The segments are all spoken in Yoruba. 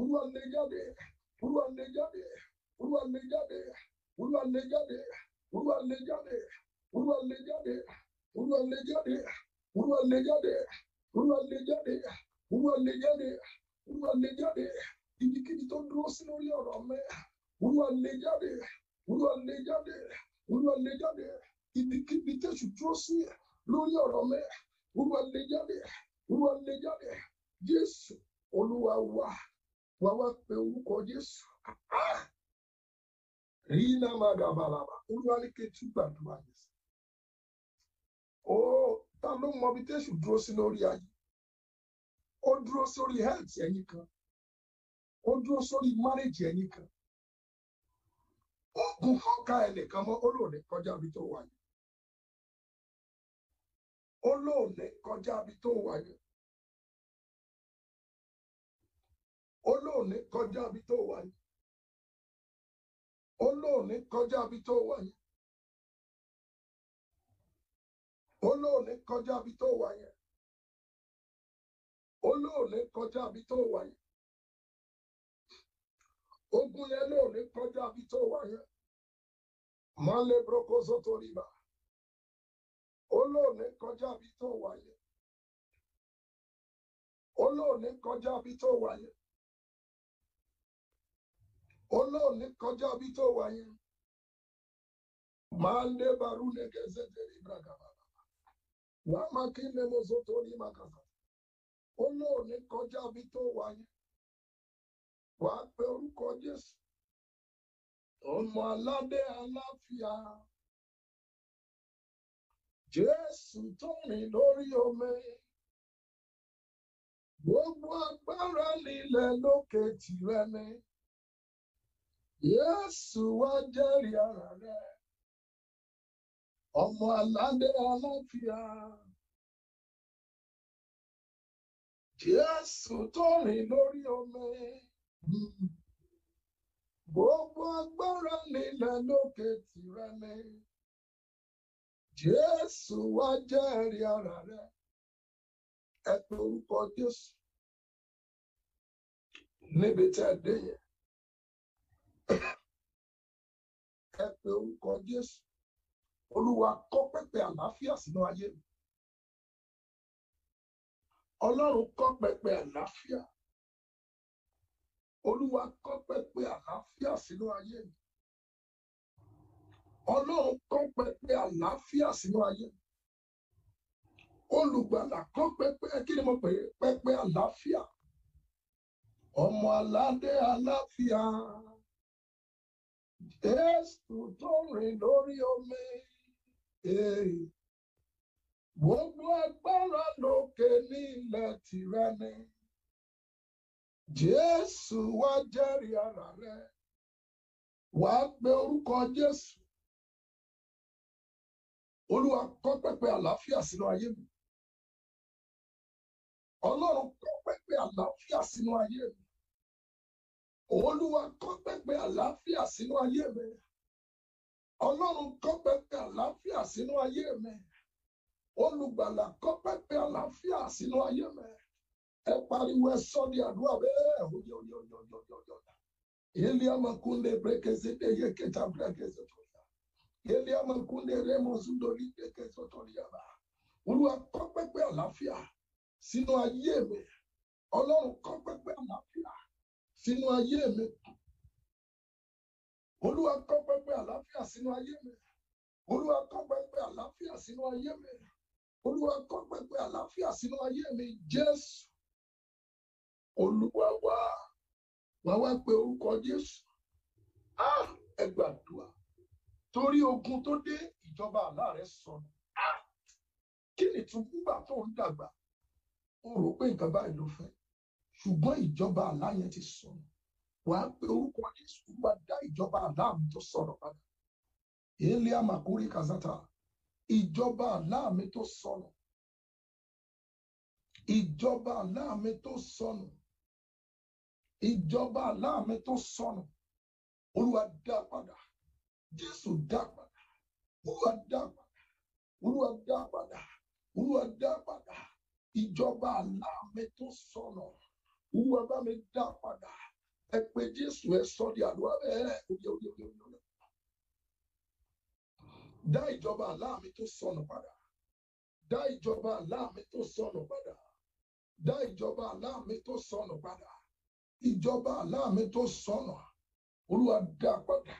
olúwa lè jáde olúwa lè jáde olúwa lè jáde olúwa lè jáde olúwa lè jáde olúwa lè jáde olúwa lè jáde olúwa lè jáde olúwa lè jáde olúwa lè jáde olúwa lè jáde ibikíbi tó dúró sí lórí ọ̀rọ̀ mi olúwa lè jáde olúwa lè jáde olúwa lè jáde ibikíbi tẹ̀sù dúró sí lórí ọ̀rọ̀ mi olúwa jáde olúwa jáde jésù olúwa wà. wá wá pe orúkọ Jésù rí náà máa gàbàlàbà olúwalékè tí gbàdúrà yẹn sí. ó ta ló mọ bí Jésù dúró sí lórí ayé ó dúró health kan ó dúró marriage ẹ̀yin kan oògùn fọ́nká ẹnìkan mọ́ olóòní kọjá ibi tó wà kọjá ibi tó olóòní kọjá bí tó wà olóòní kọjá bí tó wà olóòní kọjá kọjá bí tó wà ogun yẹn lóòní kọjá kọjá bí tó olóòní kọjá bí tó wà yẹn máa ń dé barú nẹgẹ zẹtẹrì ibrahima wàá máa kí nẹmọsọ tó ní màkàtà olóòní kọjá bí tó wà yẹn wàá pe orúkọ jésù ọmọ aládé aláfíà jésù gbogbo agbára niile lókè Jésù wá jẹ́rìí ara rẹ̀. Ọmọ aládé aláfíà. Jésù tó rìn lórí omi. Gbogbo agbara nile lókè tìrẹ ni. Jésù wa ara re Ẹ pe orúkọ Níbi tí ẹ pe orúkọ Jésù olúwa kọ pẹpẹ àlàáfíà sínú ayé mi Ọlọ́run kọ pẹpẹ àlàáfíà olúwa kọ pẹpẹ àlàáfíà sínú ayé mi Ọlọ́run kọ pẹpẹ àlàáfíà sínú ayé mi olùgbàlà kọ pẹpẹ kí ni mo pè é pẹpẹ àlàáfíà ọmọ aládé àlàáfíà. Jésù tó rìn lórí omi. Gbogbo agbára lókè ní ilẹ̀ tìrẹ ni. Jésù wá jẹ́rìí ara rẹ. Wà á gbé orúkọ Jésù. Olúwa kọ́ pẹ́pẹ́ àlàáfíà sínú ayé mi. Ọlọ́run kọ́ pẹ́pẹ́ àlàáfíà sínú ayé mi. olúwa kọ́ pẹpẹ àlàáfíà sínú ayé mi ọlọ́run kọ́ pẹpẹ àlàáfíà sínú ayé mi olùgbàlà kọ́ pẹpẹ àlàáfíà sínú ayé mi ẹ pariwo ẹ sọ ní àdúrà bẹ́ẹ̀ oye oye oye oye oye oye oye ilé amakunde brekese de ye keta brekese tó yá ilé amakunde remosu doli brekese tó yá bá olúwa kọ́ pẹpẹ àlàáfíà sínú ayé mi ọlọ́run kọ́ pẹpẹ àlàáfíà sínú ayé mi olúwa kọ́ pẹ́pẹ́ àlàáfíà sínú ayé mi olúwa kọ́ pẹ́pẹ́ àlàáfíà sínú ayé mi olúwa kọ́ pẹ́pẹ́ àlàáfíà sínú ayé mi jésù olúwa wá wá wá pe orúkọ jésù á ẹ torí ogun tó dé ìjọba àlá rẹ sọnù á kí ni tún gbúgbà tó ń dàgbà ó rò pé nǹkan báyìí ló fẹ́ ṣùgbọ́n ìjọba àlá yẹn ti sọnù wàá pe orúkọ Jésù wá dá ìjọba àlá mi tó sọnù padà èlé àmàkúrí kazata ìjọba àlá mi tó ìjọba àlá mi tó sọnù ìjọba àlá mi tó sọnù olúwa dá padà Jésù dá padà olúwa dá padà olúwa dá Olúwa ba mi daa pada Ẹ jesu ẹ sọ di àdúrà bẹ́ẹ̀ oye oye oye oye. Dá ìjọba tó sọnù padà. ìjọba àlá tó sọnù padà. Dá ìjọba àlá tó sọnù padà. Ìjọba mi tó sọnù. Olúwa padà.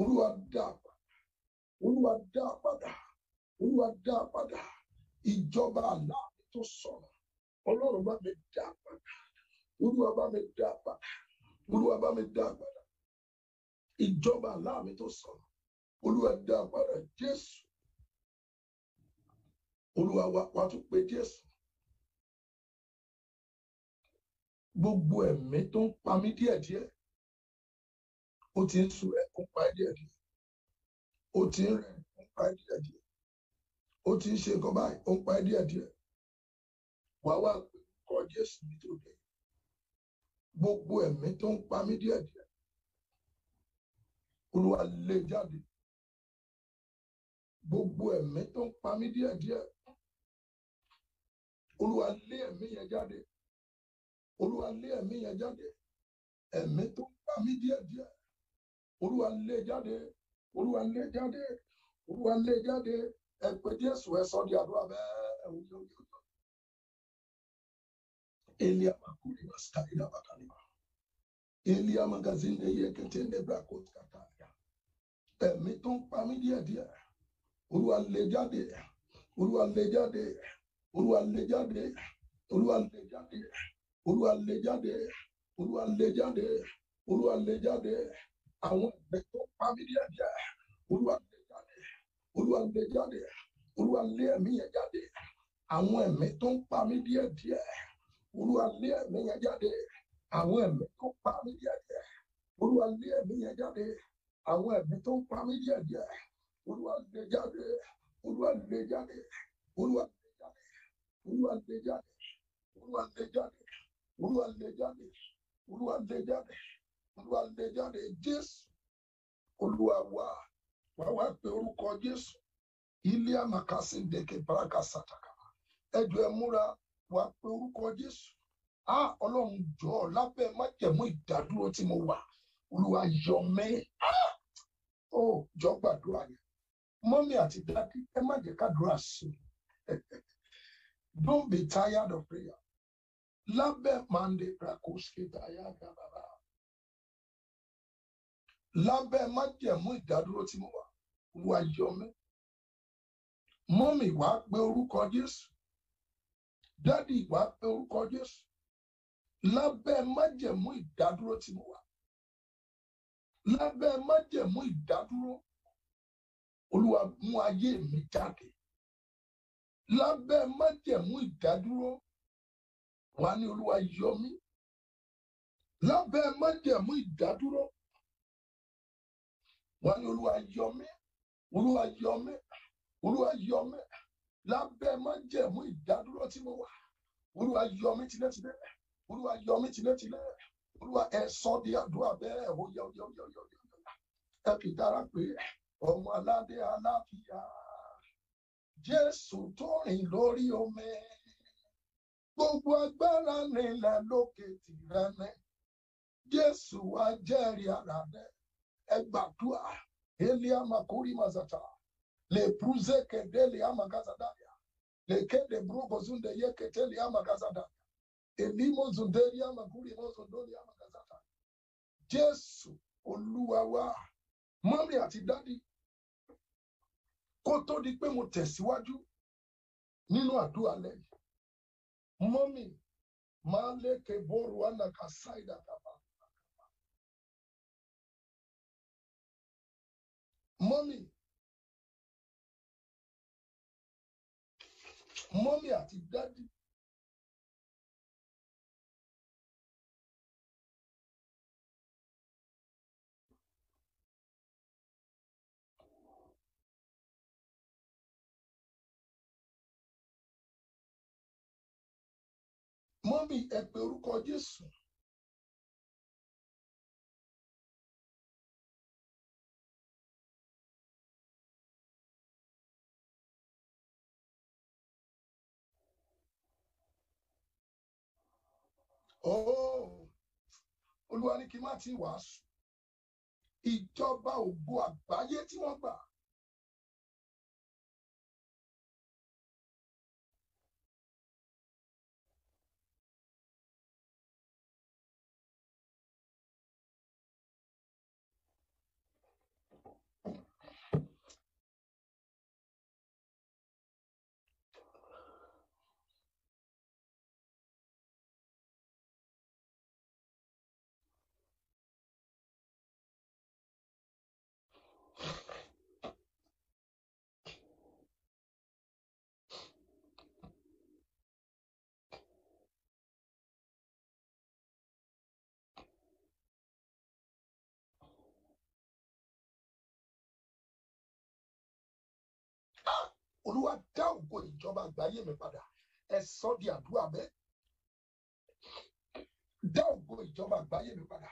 Olúwa Olúwa padà. Olúwa padà. Ìjọba àlá tó sọnù. Ọlọ́run bá mi padà. olúwa bá mi dá padà olúwa bá mi dá padà ìjọba aláàmì tó sọ̀rọ̀ olúwa dá padà jésù olúwa wa tún pe jésù gbogbo ẹ̀mí tó ń pa mí díẹ̀díẹ̀ ó ti ń sun ẹkún pa díẹ̀díẹ̀ ó ti ń rẹ̀ ń pa díẹ̀díẹ̀ ó ti ń ṣe nǹkan báyìí ó ń pa díẹ̀díẹ̀ wàá wà kọ jésù nítorí gbogbo ẹ̀mí tó ń pa mí díẹ̀díẹ̀ olúwa lé jáde gbogbo ẹ̀mí tó ń pa mí díẹ̀díẹ̀ olúwa lé ẹ̀mí yẹn jáde olúwa lé ẹ̀mí yẹn jáde ẹ̀mí tó ń pa mí díẹ̀díẹ̀ olúwa lé jáde olúwa lé jáde olúwa lé jáde ẹ pé Jésù ẹ sọ di àdúrà bẹ́ẹ̀ òye òye òye. Elia makuri maskaida bakalima. Elia magazine yẹ kẹtẹ́ndé brakot kàtàkà. Ẹ̀mí tó ń pa de, díẹ̀díẹ̀. Olúwa lè jáde. Olúwa lè jáde. Olúwa lè jáde. Olúwa lè jáde. Olúwa lè jáde. Olúwa lè jáde. de, lè jáde. Àwọn ẹ̀mí tó ń pa mí díẹ̀díẹ̀. Olúwa lè jáde. Olúwa lè jáde. Olúwa lé ẹ̀mí yẹn jáde. Àwọn ẹ̀mí tó ń pa mí díẹ̀díẹ̀ olúwa lé ẹ̀mí yẹn jáde àwọn ẹ̀mí tó pa mí díẹ̀díẹ̀ olúwa lé ẹ̀mí yẹn jáde àwọn ẹ̀mí tó pa mí díẹ̀díẹ̀ olúwa lé jáde olúwa lé jáde olúwa lé jáde olúwa lé jáde olúwa lé jáde olúwa lé jáde olúwa lé jáde olúwa lé jáde jésù olúwa wá wá wá pé orúkọ jésù ilé àmàkásí ndèké parakà sàtàkà ẹjọ ẹ múra wá pé orúkọ Jésù á Ọlọ́run jọ ọ lábẹ́ májẹ̀mú ìdádúró tí mo wà Olúwa yọ mí ó jọ gbàdúrà yẹn mọ́mí àti dádì ẹ má jẹ́ kádùúrà sí i don't be tired of prayer lábẹ́ mande rakoski daya gàbàbà lábẹ́ májẹ̀mú ìdádúró tí mo wà Olúwa yọ mí mọ́mí wàá pé orúkọ Jésù dádì ìwà pé orúkọ Jésù lábẹ́ májẹ̀mú ìdádúró tí mo wà lábẹ́ májẹ̀mú ìdádúró olúwa mú ayé mi jáde lábẹ́ májẹ̀mú ìdádúró wà ní olúwa yọ mí lábẹ́ májẹ̀mú ìdádúró wà ní olúwa yọ mí olúwa yọ mí olúwa yọ mí. Olúwa yọ mí lábẹ́ májẹ̀mú ìdádúró tí mo wà olúwa yọ mí tilétilé olúwa yọ mí tilétilé olúwa ẹ sọ di àdúrà bẹ́ẹ̀ ó yọ yọ yọ yọ yọ ẹ kì í dára pé ọmọ aládé aláfíà jésù tó rìn lórí omi gbogbo agbára nílẹ̀ lókè tìrẹ ní jésù wa jẹ́rìí ara rẹ ẹ gbàdúrà elia makori mazata le pruze kedele amagazadaya lekede grupo zunde yeketeli ama kazata elimo zundeli ama kulimo zundoli ama kazata jésù olúwa wa mọ́mí ati dádì kó tó di pé mo tẹ̀síwájú nínú àdúrà lẹ́yìn mọ́mí máa lékè bóru ànàkà ṣáìdà kàbà. mọ́mí mọ́mí àti dádì. mọ́mí ẹ pe orúkọ Jésù. Oh, Olúwa ní kí n má ti wàásù. Ìjọba ògo àgbáyé tí wọ́n gbà àkókò ìjọba àgbáyé mi padà ẹ sọ di àdúrà bẹ́ẹ̀ dá ògo ìjọba àgbáyé mi padà.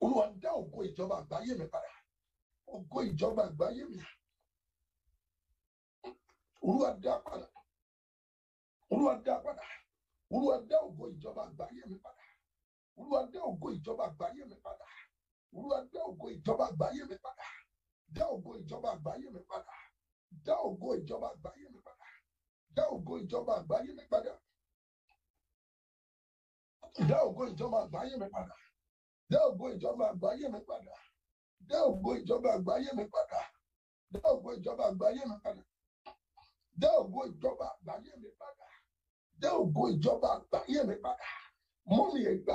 ń dá ògo mi padà ògo ìjọba àgbáyé mi mi padà dá ògo ìjọba àgbáyé olúwa dá ògo ìjọba àgbáyé mi padà dá ògo ìjọba àgbáyé mi padà dá ògo ìjọba àgbáyé mi padà dá ògo ìjọba àgbáyé mi padà dá ògo ìjọba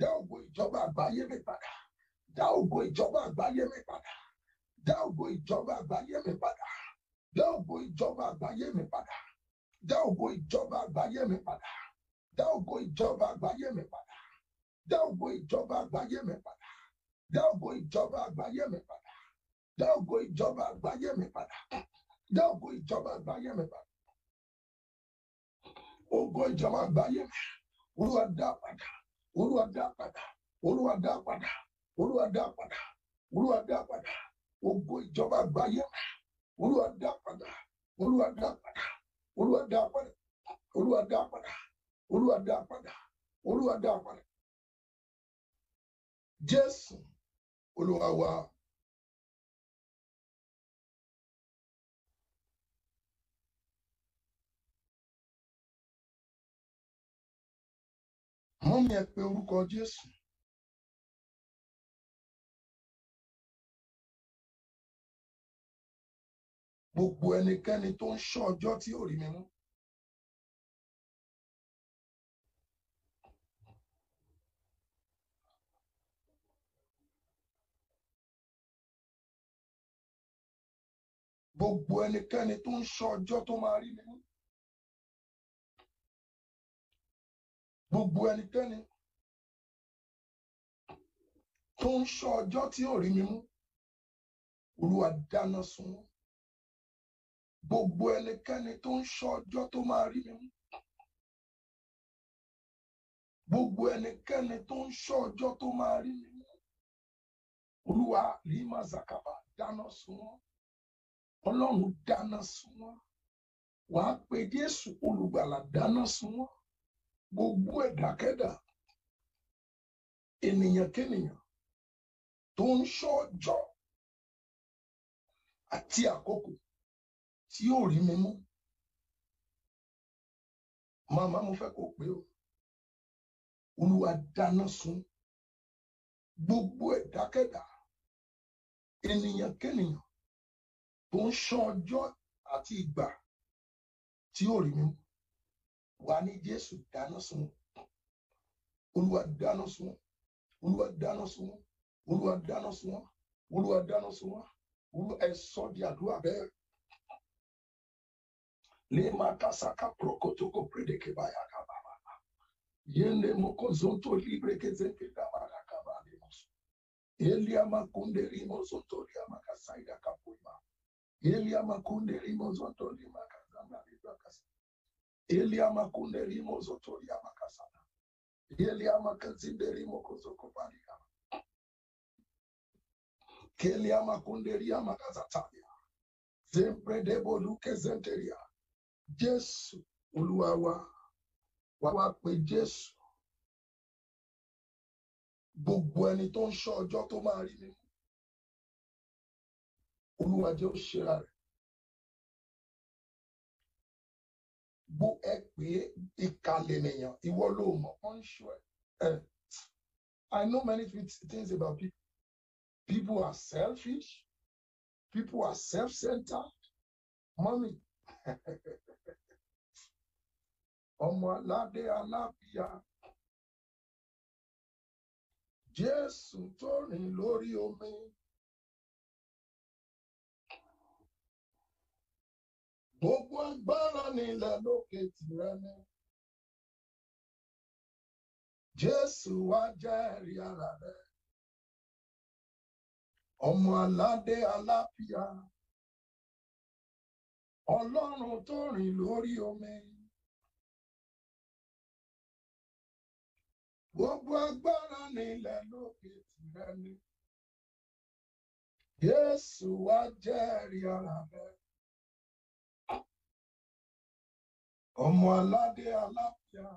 dá ògo ìjọba àgbáyé mi padà dá ògo ìjọba àgbáyé mi padà dá ògo ìjọba àgbáyé mi padà dá ògo ìjọba àgbáyé mi padà dá ògo ìjọba àgbáyé mi padà dá ògo ìjọba àgbáyé mi padà dá ògo ìjọba àgbáyé mi padà dá ògo ìjọba àgbáyé mi padà dá ògo ìjọba àgbáyé mi padà dá ògo ìjọba àgbáyé mi padà ògo ìjọba àgbáyé mi olúwa dá padà olúwa dá padà olúwa dá padà olúwa dá padà olúwa dá padà ògo ìjọba àgbáyé olúwa dá padà olúwa dá padà olúwa dá padà olúwa dá padà olúwa dá padà olúwa dá padà jésù olúwa wa. mọ́mí ẹ pe orúkọ Jésù. gbogbo ẹnikẹ́ni tó ń ṣọ́ ọjọ́ tí ò rí mi mú. gbogbo ẹnikẹ́ni tó ń ṣọ́ ọjọ́ tó máa rí mi mú. gbogbo ẹnikẹ́ni tó ń ṣọ́ ọjọ́ tí ò rí mi mú olúwa dáná sun wọ́n gbogbo ẹnikẹ́ni tó ń ṣọ́ ọjọ́ tó máa rí mi mú gbogbo ẹnikẹ́ni tó ń ṣọ́ ọjọ́ tó máa rí mi mú olúwa rí mazakaba dáná sun wọ́n ọlọ́run dáná sun wọ́n wàá pe jésù olùgbàlà dáná sun wọ́n gbogbo ẹ̀dákẹ́dà ènìyàn kénìyàn tó ń ṣọ́ ọjọ́ àti àkókò tí yóò rí mi mú màmá mo fẹ́ kó pé o olúwa dáná sun gbogbo ẹ̀dákẹ́dà ènìyàn tó ń ṣọ́ àti ìgbà tí yóò rí mi mú wàá ní jésù dáná sun olúwa dáná sun olúwa dáná sun olúwa dáná sun olúwa dáná sun olúwa ẹ sọ di àdúrà bẹ́ẹ̀ lè máa kásáká pọ̀rọ̀kọ̀tọ̀kọ̀ pérédèké báyà kábàbà yéèlè mọ́kọ́ zonto libre kézèké dábàdà kábàlè mọ́sùn elia makunde rimo zonto lia makasaida kapuima elia makunde rimo zonto lima kazanga libakasa eliamakunde rimo zotoria makasana eliamakazinde rimo kozokovaria keliamakunde riamakazataria zempredebo lukezenteria jésù olúwa wa wá wá pe jésù gbogbo ẹni tó ń ṣọ́ ọjọ́ tó máa rí mi olúwa jẹ́ òṣèrà rẹ̀ bó ẹ pé ìkàlẹ̀ nìyàn ìwọ ló mọ̀ know many things about people. People are selfish. People are self-centered. Mommy. Ọmọ aládé alábíà. Jésù tó rìn lórí omi. Gbogbo agbára nílẹ̀ lókè tìrẹ ni. Jésù wa jẹ́ ẹ̀rí ara rẹ̀. Ọmọ aládé aláfíà. Ọlọ́run tó rìn lórí omi. Gbogbo agbára nílẹ̀ lókè tìrẹ ni. Jésù wa jẹ́ ara rẹ̀. ọmọ aládé aláfíà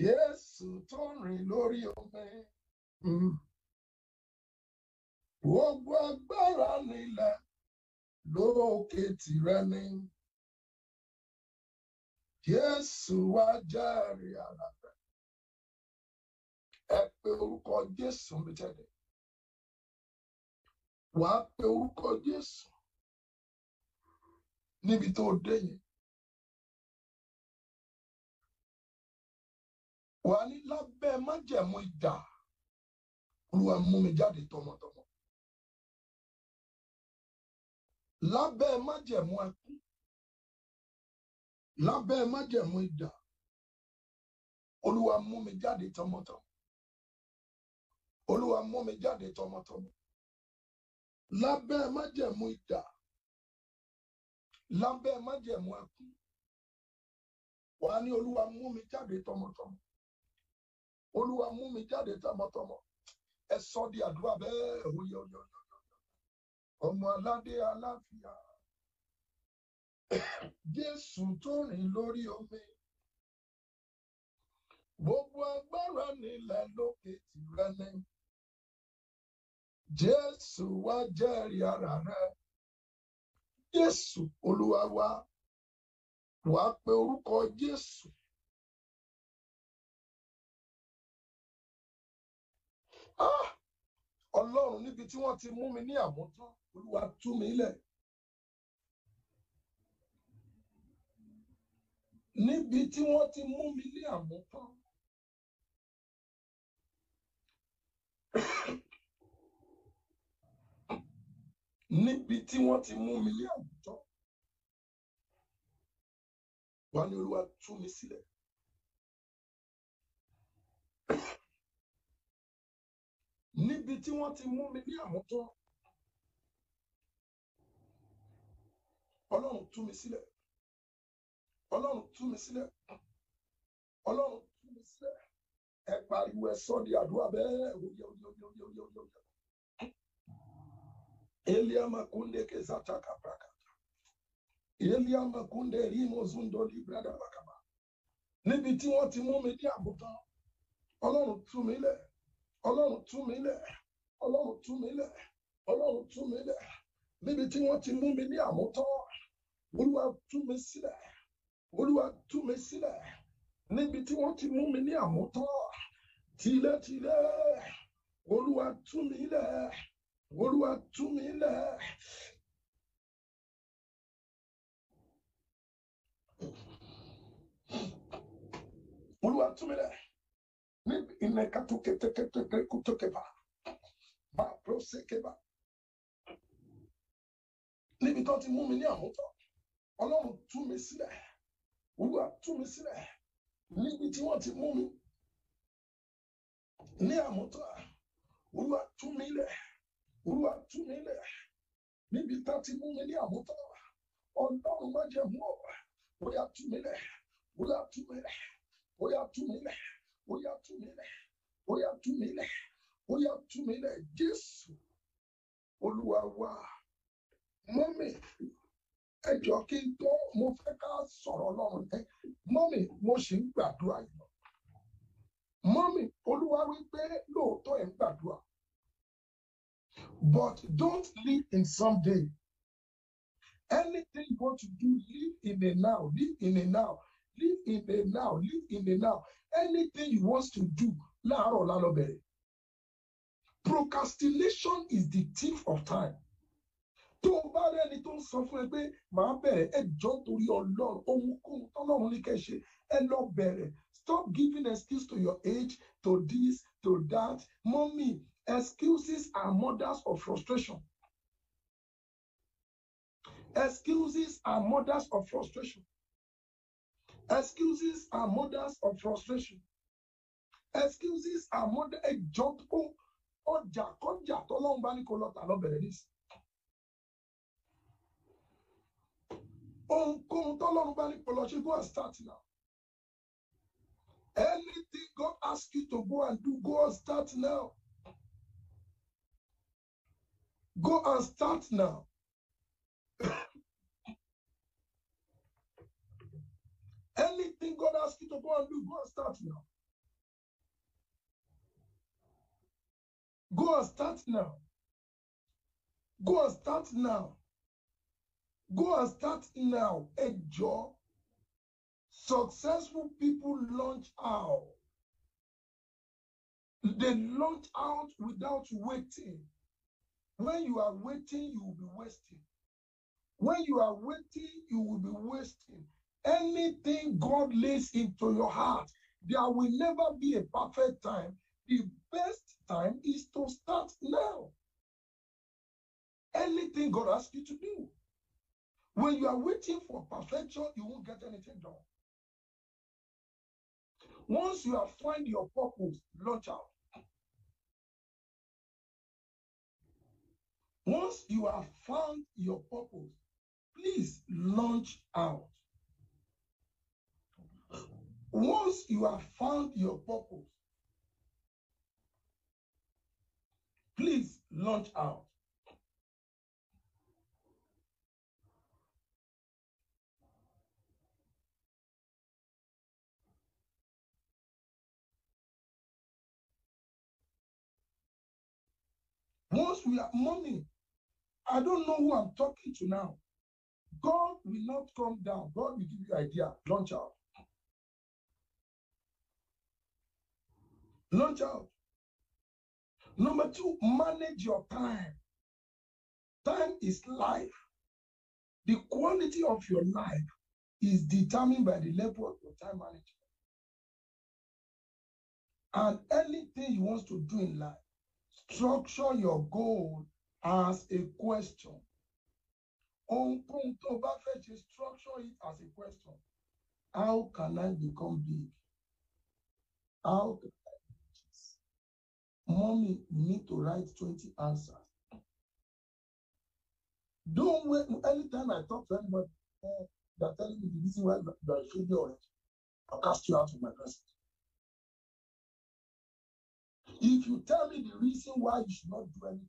Jésù tó rìn lórí omi hmm. gbogbo agbára nílẹ̀ lókè tìrẹ ni Jésù wá jàre ara rẹ ẹ pé orúkọ Jésù mi pé Jésù. níbi tó dé yẹn. wà á ní lábẹ́ májẹ̀mú ìjà olúwa mú mi jáde tọmọtọmọ lábẹ́ májẹ̀mú ẹkú lábẹ́ májẹ̀mú ìjà olúwa mú mi jáde tọmọtọmọ olúwa mú mi jáde tọmọtọmọ lábẹ́ májẹ̀mú ìjà lábẹ́ májẹ̀mú ẹkún wàá ní olúwa mú mi jáde tọmọtọmọ olúwa mú mi jáde tọmọtọmọ ẹ sọ di àdúrà bẹ́ẹ̀ oyè oyè oyè ọmọ aládé aláfíà jésù tó rìn lórí omi gbogbo agbára nílẹ̀ lókè tìrẹ jésù wá jẹ́rìí ara rẹ̀. Jésù Olúwa wa wàá pe orúkọ Jésù. Ah! Ọlọ́run níbi tí wọ́n ti mú mi ní àmútán Olúwa tú mi lẹ̀. Níbi tí wọ́n ti mú mi ní àmútán níbi tí wọ́n ti mú mi ní àwùjọ wà ní olúwa tú mi sílẹ̀. níbi tí wọ́n ti mú mi ní àwùjọ ọlọ́run tú mi sílẹ̀ ọlọ́run tú mi sílẹ̀ ọlọ́run tú mi sílẹ̀ ẹ pariwo ẹ sọ́ di àdúrà bẹ́ẹ̀ òye òye òye òye òye òye. Elia makunde kezataka prakata. Elia makunde rimo zundo librada makaba. Níbi tí wọ́n ti mú mi ní àbùtán, Ọlọ́run tú mi lẹ̀, Ọlọ́run tú mi lẹ̀, Ọlọ́run tú mi lẹ̀, Ọlọ́run tú mi lẹ̀. Níbi tí wọ́n ti mú mi ní àmútán, Olúwa tú mi sílẹ̀, Olúwa tú mi sílẹ̀. Níbi tí ti mú mi ní àmútán, tìlẹ̀tìlẹ̀, Olúwa tú mi lẹ̀. olúwa tú mi lẹ̀. olúwa tú mi lẹ̀ ní ìnẹ̀ka tó kétékété kú tó kébà bá a bọ́ sí kébà níbi tó ti mú mi ní àmútọ́ ọlọ́run tú mi sílẹ̀ olúwa tú mi sílẹ̀ níbi tí wọ́n ti mú mi ní àmútọ́ olúwa tú mi lẹ̀ olúwa tú mi lẹ̀ níbi tá ti mú mi ní àmútọ́ ọlọ́run má jẹ́ mú ọ bóyá tú mi lẹ̀ bóyá tú mi lẹ̀ bóyá tú mi lẹ̀ bóyá tú mi lẹ̀ bóyá tú mi lẹ̀ bóyá tú mi lẹ̀ jésù olúwa wa mọ́mì ẹjọ́ kí n tó mo fẹ́ ká sọ̀rọ̀ ọlọ́run tẹ́ lóòótọ́ ẹ̀ ń But don't live in someday. Anything you want to do, live in a now, live in a now, live in a now, live in a now. Anything you want to do, láàárọ̀ lálọ́bẹ̀rẹ̀. Procrastination is the thief of time. Tó o bá rẹ́ni tó ń sọ fún ẹ pé màá bẹ̀rẹ̀ ẹ jọ torí Ọlọ́run ohunkóhun tọ́lọ́run ní kẹ́ ẹ lọ bẹ̀rẹ̀. Stop giving excuse to your age, to this, to that. Mọ́mì Excuses are mothers of frustration. Excuses are mothers of frustration. Excuses are mothers of frustration. Excuses are mother A job ọjà kọjà tọ́lọ́run bá ní kó lọ́ta lọ́bẹ̀rẹ̀ nísì. Ohunkóhun tọ́lọ́run bá ní go and start now. Anything God asks you to go and do, go and start now. Go and start now. Anything God asks you to go and do, go and start now. Go and start now. Go and start now. Go and start now. A job. Successful people launch out. They launch out without waiting. When you are waiting, you will be wasting. When you are waiting, you will be wasting. Anything God lays into your heart, there will never be a perfect time. The best time is to start now. Anything God asks you to do. When you are waiting for perfection, you won't get anything done. Once you have found your purpose, launch out. Once you have found your purpose, please launch out. Once you have found your purpose, please launch out. Once we have money, I don't know who I'm talking to now. God will not come down. God will give you idea. Launch out. Launch out. Number two, manage your time. Time is life. The quality of your life is determined by the level of your time management. And anything you want to do in life, structure your goal as a question. Ohunkóhun tó bá fẹ́ ṣe structure it as a question. How can I become big? How can I do this? Mommy, you need to write twenty answers. Don't wait. Anytime I talk to anybody, uh, eh, they're telling me the reason why you are failure already. I'll cast you out of my presence. If you tell me the reason why you should not do anything,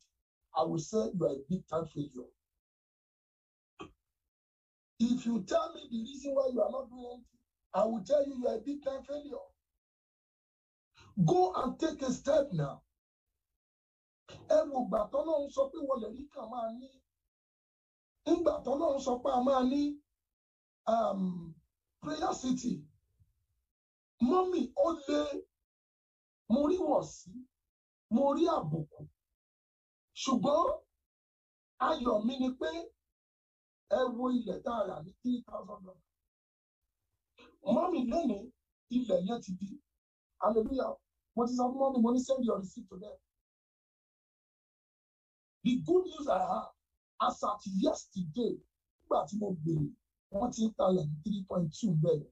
I will say you are a big time failure. If you tell me the reason why you are not doing anything, I will tell you you are a big time failure. Go and take a step now. Ẹ wo gbà tọ́lọ́run sọ pé wọlé rí kàn máa ní. Ngbà tọ́lọ́run sọ pé a máa ní um, prayer city. Mọ́mì ó lé mo rí wọ̀sí, mo àbùkù ṣùgbọ́n ayọ̀ mi ni pé ẹ wo ilẹ̀ tá a rà ní three thousand dollars mọ́mì lónìí ilẹ̀ yẹn ti di hallelujah mo ti sọ fún mọ́mì mo ní send your receipt to them the good news I have as at yesterday nígbà tí mo gbèrè wọ́n ti ń talẹ̀ ní three point two bẹ́ẹ̀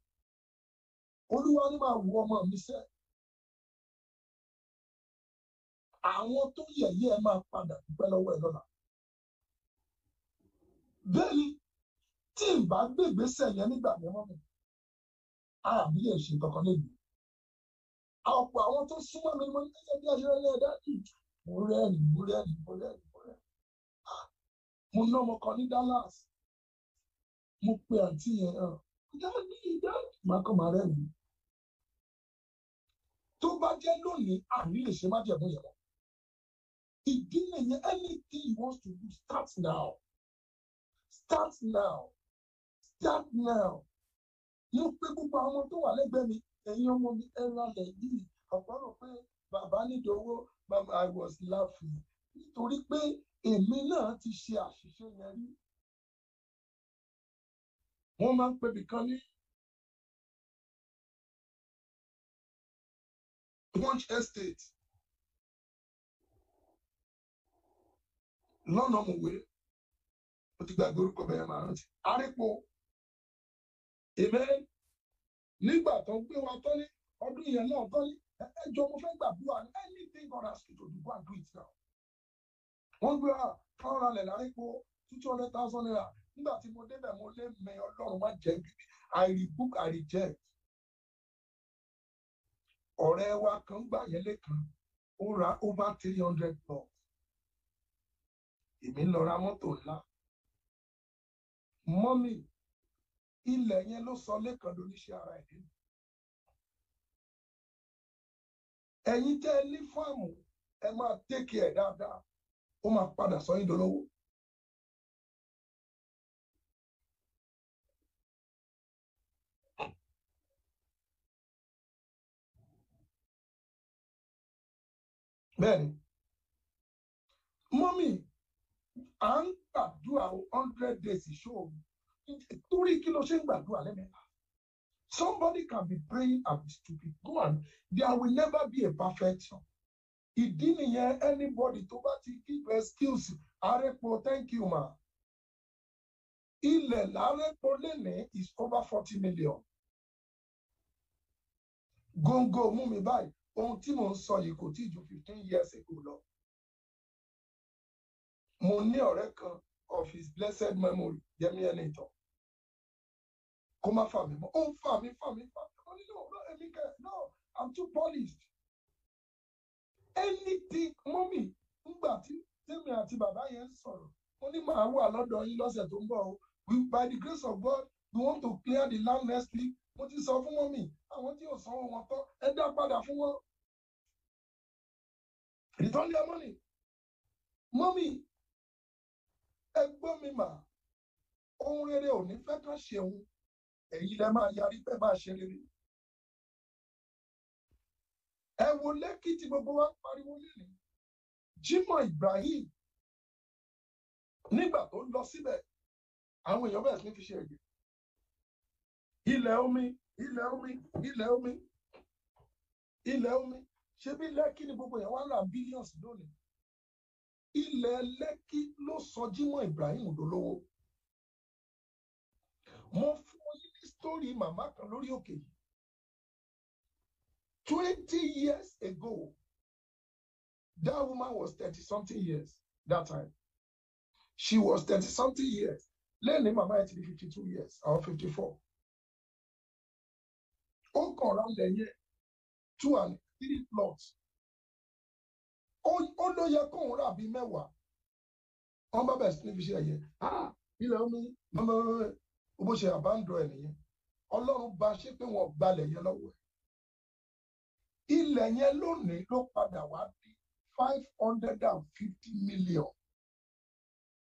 olúwa ní máa wo ọmọ mi sẹ́ẹ̀. àwọn tó yẹ̀yẹ́ ẹ máa padà dúpẹ́ lọ́wọ́ ẹ lọ́la. bẹ́ẹ̀ni tí n bá gbègbèsè yẹn nígbà mìíràn mi àmì lè ṣe kankan lèmi. ọ̀pọ̀ àwọn tó súnmọ́ mi mo ní ẹ̀jẹ̀ bí aṣọ ẹlẹ́yẹ dájú mo rẹ́rìn mo rẹ́rìn mo rẹ́rìn mo rẹ́rìn. Ah! mo ná ọmọ kan ní Dallas mo pe àǹtí yẹn hàn ah, dáàbì dáàbì máa kàn máa rẹ́rìn. tó bá jẹ́ lónìí àmì lè ṣe má jẹ̀mú yẹn lọ ìdílé yẹn anything you want to do start now start now start now yóò pé gbogbo àwọn ọmọ tó wà lẹ́gbẹ̀ẹ́ mi ẹ̀yin ọmọ mi ẹ̀rọ alẹ̀ yìí àgbọ̀rọ̀ pé bàbá nídòwó bàbá I was laughing nítorí pé èmi náà ti ṣe àṣìṣe yẹn rí wọ́n máa ń pè bìkan ní Punch Estate. lọ́nà mọ̀wé mo ti gbàgbé orúkọ bẹ̀rẹ̀ máa rántí arípo èmẹ́ nígbà tó gbé wa tán ní ọdún yẹn náà tán ní ẹjọ́ mo fẹ́ gbàdúrà ní anything God ask you to do go and do it now wọ́n gbé wa ah, káwọn ra lẹ̀ lárípo two hundred thousand naira nígbà tí mo débẹ̀ mo lé mẹ́ ọlọ́run má jẹ́ bíbí I rebook I reject ọ̀rẹ́ wa kan gbà yẹn lẹ́kan ó ra over three hundred plus èmi ń lọ ra mọ́tò ńlá mọ́mì ilẹ̀ yẹn ló sọ lẹ́kàn lóníṣẹ́ ara ẹ̀ nínú ẹ̀yin tẹ́ ẹ ní fáàmù ẹ máa tẹ́kì ẹ̀ dáadáa ó máa padà sọ yín dolówó. bẹ́ẹ̀ni mọ́mì à ń gbàdúrà hundred days ìṣòro torí kí ló ṣe ń gbàdúrà lẹ́mẹ̀ta somebody can be praying and be stupid go on there will never be a perfection ìdí nìyẹn anybody tó bá ti give excuse arẹ́pọ̀ thank you ma ilẹ̀ lárẹ́pọ̀ lẹ́nìí is over forty million góńgó mú mi báyìí ohun tí mò ń sọ yìí kò tí ju fifteen years ago lọ mo ní ọ̀rẹ́ kan of his blessed memory Yẹmí Ẹniìtàn kó má fà mí mọ́ ó ń fà mí fà mí fà mí mọ́ nínú ọ̀rọ̀ ẹ̀mí kẹ́ no I'm too polished anything mọ́mì ńgbà tí tèmi àti bàbá yẹn ń sọ̀rọ̀ ó ní màá wà lọ́dọ̀ yín lọ́sẹ̀ tó ń bọ̀ o we by the grace of God we want to clear the land next week mo ti sọ fún mọ́mì àwọn tí ò sanwó wọn tán ẹ dá padà fún wọn return their money mọ́mì ẹgbọ́n mi mà ohun rere ò ní fẹ́ kán ṣeun èyí lẹ máa yarí pé máa ṣe rere. ẹ wo lẹ́kì tí gbogbo wa pariwo lẹ́nu Jimoh Ibrahim nígbà tó ń lọ síbẹ̀ àwọn èèyàn bẹ̀rẹ̀ sí fi ṣe ẹ̀jẹ̀ ilẹ̀ omi ilẹ̀ omi ilẹ̀ omi ilẹ̀ omi ṣebí lẹ́kì ni gbogbo èèyàn wá ń ra billions lónìí ilẹ̀ lẹ́kí ló sọ Jimoh Ibrahim dolówó mo fún yín ní sítórì màmá kan lórí òkè yìí twenty years ago that woman was thirty something years that time she was thirty something years lẹ́ẹ̀ni màmá yẹn ti di fifty two years or fifty four ó kàn ra lẹ́yìn two and three plots ó ló yẹ kóun rà bíi mẹ́wàá wọn bá bẹ̀rẹ̀ sí ní fi ṣe ẹ̀yẹ ilẹ̀ omi bó ṣe àbándọ̀ ẹ̀ nìyẹn ọlọ́run bá ṣe pé wọ́n gbalẹ̀ yẹn lọ́wọ́ ẹ̀ ilẹ̀ yẹn lónìí ló padà wá di five hundred and fifty million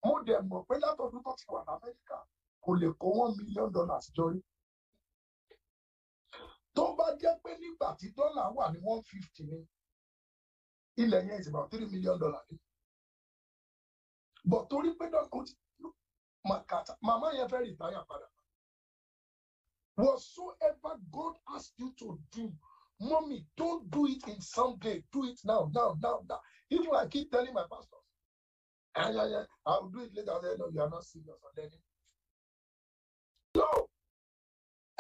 mo dẹ̀ mọ̀ pé látọ̀dún tó ti wà lamẹ́ríkà kò lè kó one million dollars jọrí tó bá jẹ́ pé nígbà tí dọ́là wà ní one fifty ni ilẹ̀ yẹn is about three million dollars but torí pé Dangote makata màmá yẹn fẹ́ rìtáyà padà whatsoever God ask you to do mommy don't do it in some day do it now now now now even I keep telling my pastor ah yeah yeah I will do it later I say no you are not serious on learning no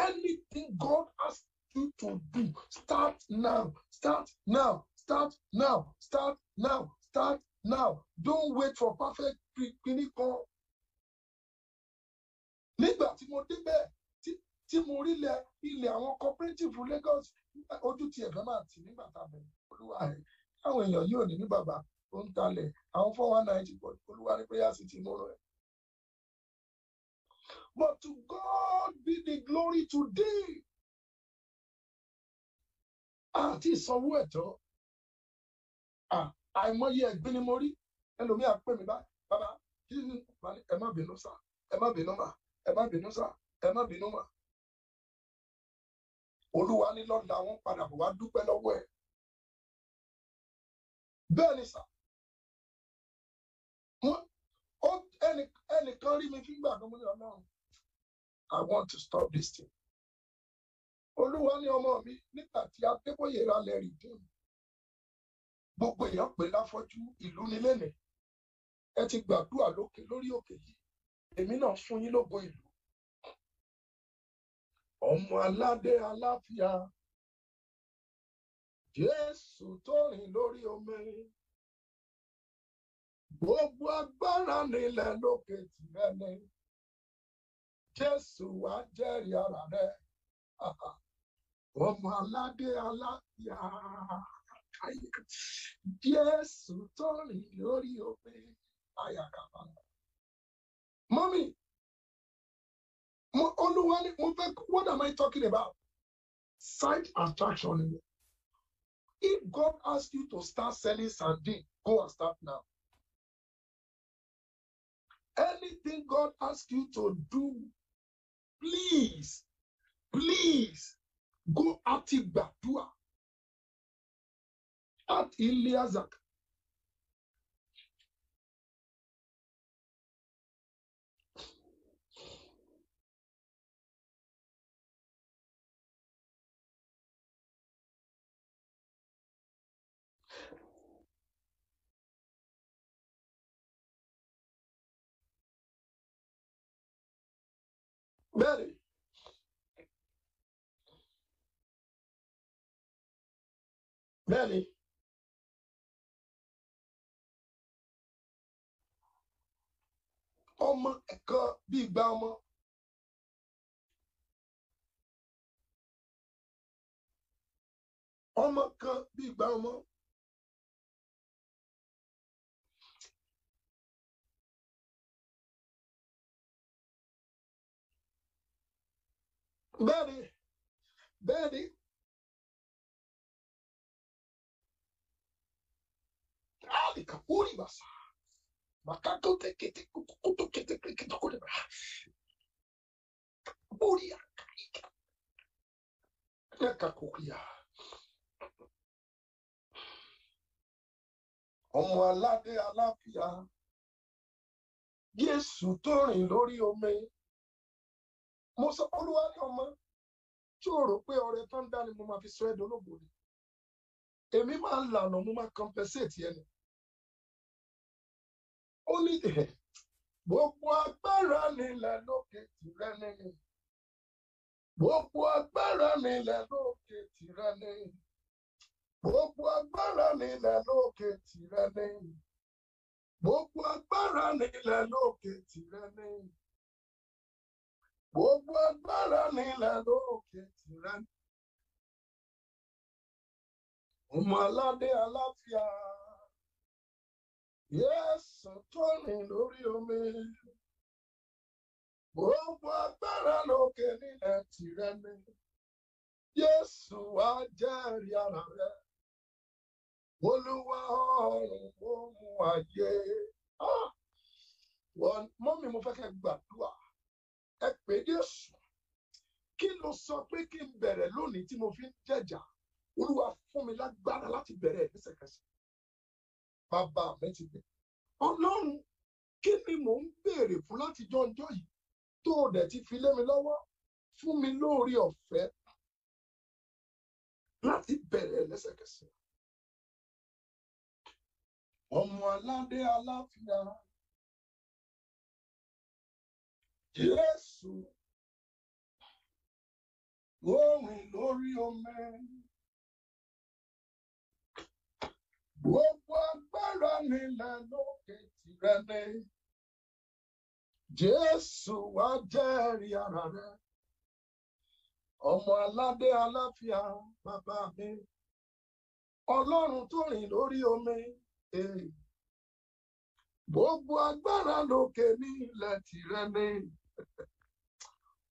anything God ask you to do start now start now Start now. Start now. Start now. Don't wait for perfect clinical. kan. Nígbà tí mo débẹ̀ tí mo rí ilẹ̀ ilẹ̀ àwọn cooperative Lagos ojú ti ẹ̀fẹ́ máa tì nígbà tá a bẹ̀rẹ̀ olúwa rẹ̀ káwọn èèyàn yóò ní ní bàbá tó ń talẹ̀ àwọn four one nine ti pọ̀ olúwa ní prayer city mo rẹ̀. But to God be the glory today. Àti ìsanwó ẹ̀tọ́ àìmọye ẹ̀gbin ni mo rí ẹlòmíà pè mí báyìí bàbá kí ni ẹ má bínú sá ẹ má bínú mà ẹ má bínú sá ẹ má bínú mà olúwa ní lọ́la wọn padà bọ̀ wá dúpẹ́ lọ́wọ́ ẹ̀ bẹ́ẹ̀ ni sà ẹnìkan rí mi fígbà tó mú ní ọlọ́run I want to stop this thing olúwa ní ọmọ mi nígbà tí adébóyè ra lẹ́rìí dùn gbogbo èèyàn pè láfọ́jú ìlú ni lẹ́nìí ẹ ti gbàdúrà lókè lórí òkè yìí èmi náà fún yín lógo ìlú ọmọ aládé aláfíà jésù tó rìn lórí omi gbogbo agbára nílẹ̀ lókè tìrẹ ni jésù wàá jẹ́rìí ara rẹ̀ ọmọ aládé aláfíà. Hayek. Yes, Tony, Lori, Ayakabala. Mommy, only one, what am I talking about? Side attraction. If God asks you to start selling sardine, go and start now. Anything God asks you to do, please, please go active it. at اللي يزك Betty. ọmọ ẹ̀kan bí igba ọmọ. ọmọ kan bí igba ọmọ. bẹ́ẹ̀ ali kapuri Makato te que te kuto que te que te kore ba. Boria kaika. Naka kukia. Ọmọ aládé aláfíà. Jésù tó rìn lórí omi. Mo sọ olúwa ní ọmọ o rò pé ọrẹ tó ń dá ni mo máa fi sọ ẹ́ dolóògbò ni. Èmi máa ń mo máa compensate yẹn ni. ó ní gbogbo agbára nílẹ̀ lókè tìrẹ ni gbogbo agbára nílẹ̀ Jésù tó rìn lórí omi. Gbogbo agbára lókè nílẹ̀ tìrẹ ni. Jésù wá jẹ́rìí ara rẹ̀. Olúwa ọ̀run ó mú ayé. Ah! Mọ́mí mo fẹ́ kẹ́ gbàdúrà. Ẹ pè Jésù. Kí ló sọ pé kí n bẹ̀rẹ̀ lónìí tí mo fi ń jẹ̀jà? Olúwa fún mi lágbára láti bẹ̀rẹ̀ lẹ́sẹ̀kẹsẹ̀ bàbá rẹ ti bẹ̀. ọlọ́run kí ni mò ń béèrè fún láti jọ́njọ́ yìí tó o dẹ̀ ti fi lé mi lọ́wọ́ fún mi lórí ọ̀fẹ́ láti bẹ̀rẹ̀ lẹ́sẹ̀kẹsẹ̀. ọmọ aládé aláfíà jésù ó rìn lórí omi. Gbogbo agbára nílẹ̀ lókè tìrẹ ni. Jésù wá jẹ́rìí ara rẹ̀. Ọmọ aládé aláfíà bàbá mi. Ọlọ́run tó rìn lórí omi. Gbogbo agbára lókè nílẹ̀ tìrẹ ni.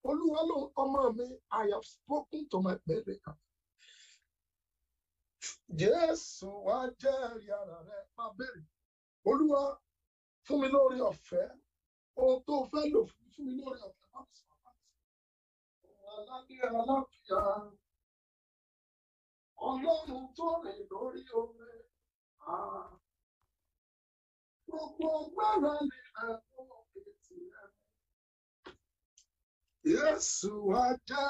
Olúwa ló ọmọ mi, I have spoken to my belly. Jesu WA jẹ́ ara rẹ ma béèrè olúwa fún mi lórí ọ̀fẹ́ ohun tó fẹ́ lò fún mi lórí ọ̀fẹ́ má aláfíà ọlọ́run tó rìn lórí omi gbogbo gbára na rẹ̀ fún ètò Jésù wa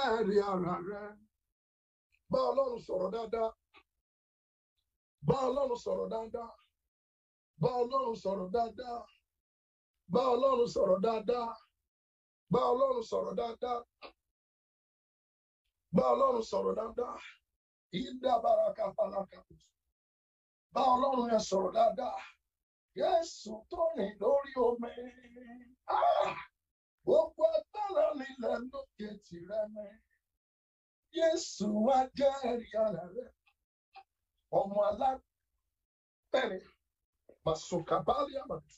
ara rẹ bá ọlọ́run sọ̀rọ̀ dáadáa. bá ọlọ́run sọ̀rọ̀ dáadáa bá ọlọ́run sọ̀rọ̀ dáadáa bá ọlọ́run sọ̀rọ̀ dáadáa bá ọlọ́run sọ̀rọ̀ dáadáa bá ọlọ́run sọ̀rọ̀ dáadáa ìdá ọlọ́run yẹn sọ̀rọ̀ dáadáa ah! gbogbo agbára nílẹ̀ lókè wá jẹ́ ọmọ alápẹ̀rẹ̀ màsùnkà báàlì àmàdù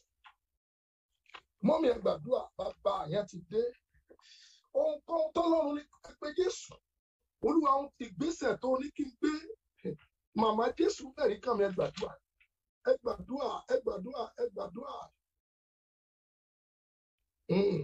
mọ́mí ẹ gbàdúrà bàbá yẹn ti dé ohunkóhun tọ́lọ́run ní pé jésù olúwa ohun ìgbésẹ̀ tó ní kí n gbé màmá jésù bẹ̀rí kàn mí ẹ gbàdúrà ẹ gbàdúrà hmm.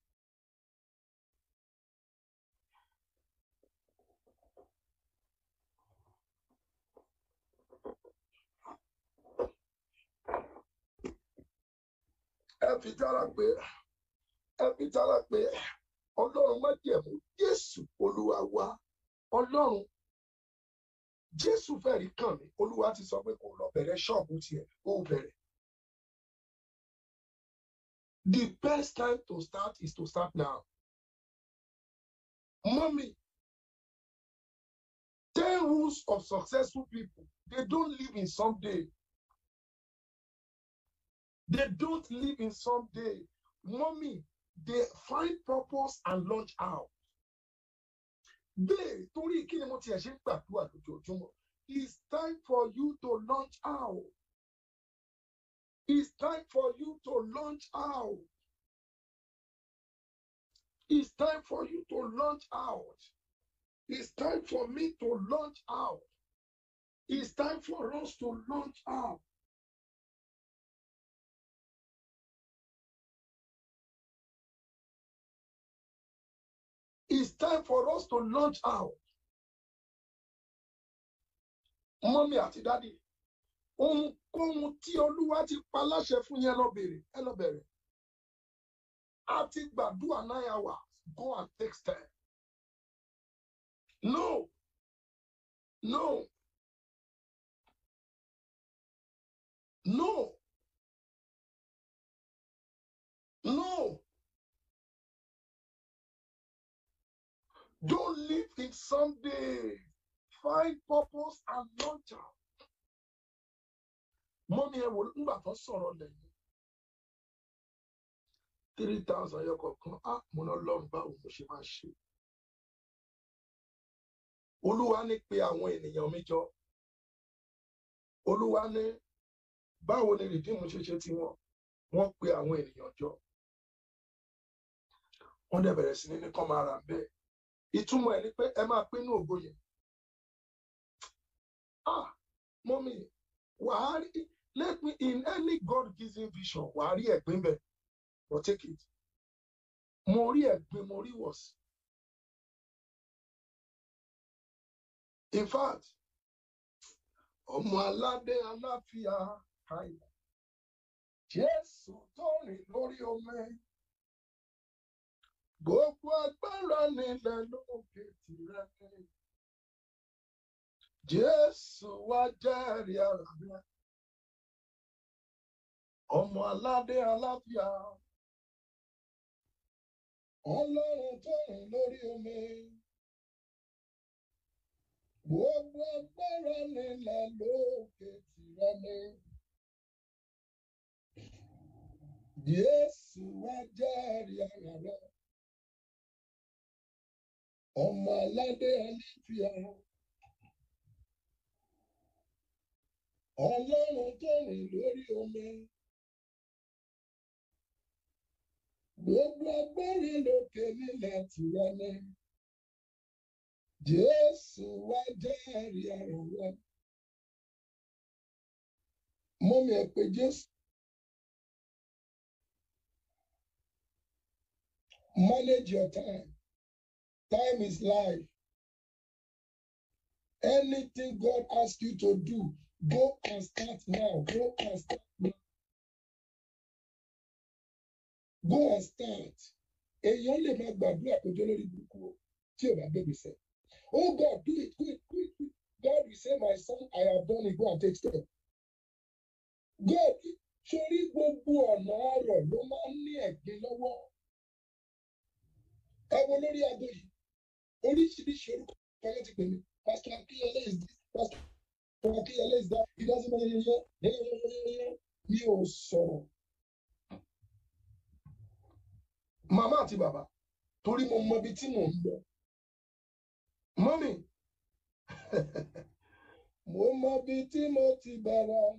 ẹ fi tára pé ẹ fi tára pé ọlọ́run má jẹ̀mú jésù olúwa wa ọlọ́run jésù fẹ̀rí kàn mí olúwa ti sọ pé kò lọ bẹ̀rẹ̀ ṣọ́ọ̀bù tiẹ̀ kó bẹ̀rẹ̀. The best time to start is to start now. Mommy, ten rules of successful people, they don't live in someday. They don't live in some day, Mommy, they find purpose and launch out. They, torí kí It's time for you to launch out. It's time for you to launch out. It's time for you to launch out. It's time for me to launch out. It's time for us to launch out. It's time for us to launch out. Mọ́mí àti dádì, ohunkóhun tí Olúwa ti pa láṣẹ fún yẹn lọ bèrè, ẹ lọ bẹ̀rẹ̀. A ti gbàdúrà nine hours, go and take time. No, no, no. Don't live in Sunday. Find purpose and launch out. Mọ́mí ẹ wò nígbà tó sọ̀rọ̀ lẹ́yìn. Three thousand ẹyọ kọ̀ọ̀kan á mo lọ lọ́run báwo mo ṣe máa ṣe. Olúwa ní pé àwọn ènìyàn mi jọ. Olúwa ní báwo ni rìdíìmù ṣe ṣe tiwọn. Wọ́n pe àwọn ènìyàn jọ. Wọ́n dẹ̀ bẹ̀rẹ̀ sí ní ní kọ́ máa rà bẹ́ẹ̀. ìtumọ̀ ẹ̀ ni pé ẹ máa pinnu ògo yẹn ah mọ́mí wàá rí let in any God given vision wàá rí ẹ̀gbin bẹ̀ but take it mo rí ẹ̀gbin mo rí wọ̀sí in fact ọmọ aládé aláfíà àìlà Jésù tó rìn lórí omi. gbogbo agbara nile n'oge ti rebe ndị e so waje ari ara gba ọmụ alaadị alaadị ahụ tọrọ n'lori ome gbogbo agbara nile n'oge ti rebe ndị e so waje ari ọmọ aládé àlífíà ọlọ́run tó rìn lórí omi gbogbo agbára lókè nílẹ̀ tìrẹ ni jésù wá jẹ́ ẹ̀rí àrùn mú mi ẹ pé jésù. Manage your time. Time is life. Anything God asks you to do, go and start now. Go and start now. Go and start. Èèyàn máa gbàdúrà kó lórí burúkú o tí ò bá bèbè sẹ́. Oh God, do it, quick, quick, quick! God will say, my son, I have done it, go and take step. God, sórí gbogbo ọ̀nà ọ̀rọ̀ ló máa ń ní ẹ̀gbin lọ́wọ́. Ẹ wo lórí aago yìí oríṣiríṣi orúkọ ọlọ́run ti pè mí pastor akínyẹlé is this pastor akínyẹlé is that ìdásímọ̀ yẹyẹ yẹyẹ mi ò sọ̀rọ̀ màmá àti bàbá torí mo mọ ibi tí mò ń lọ mọ́mì mo mọ ibi tí mo ti bẹ̀rẹ̀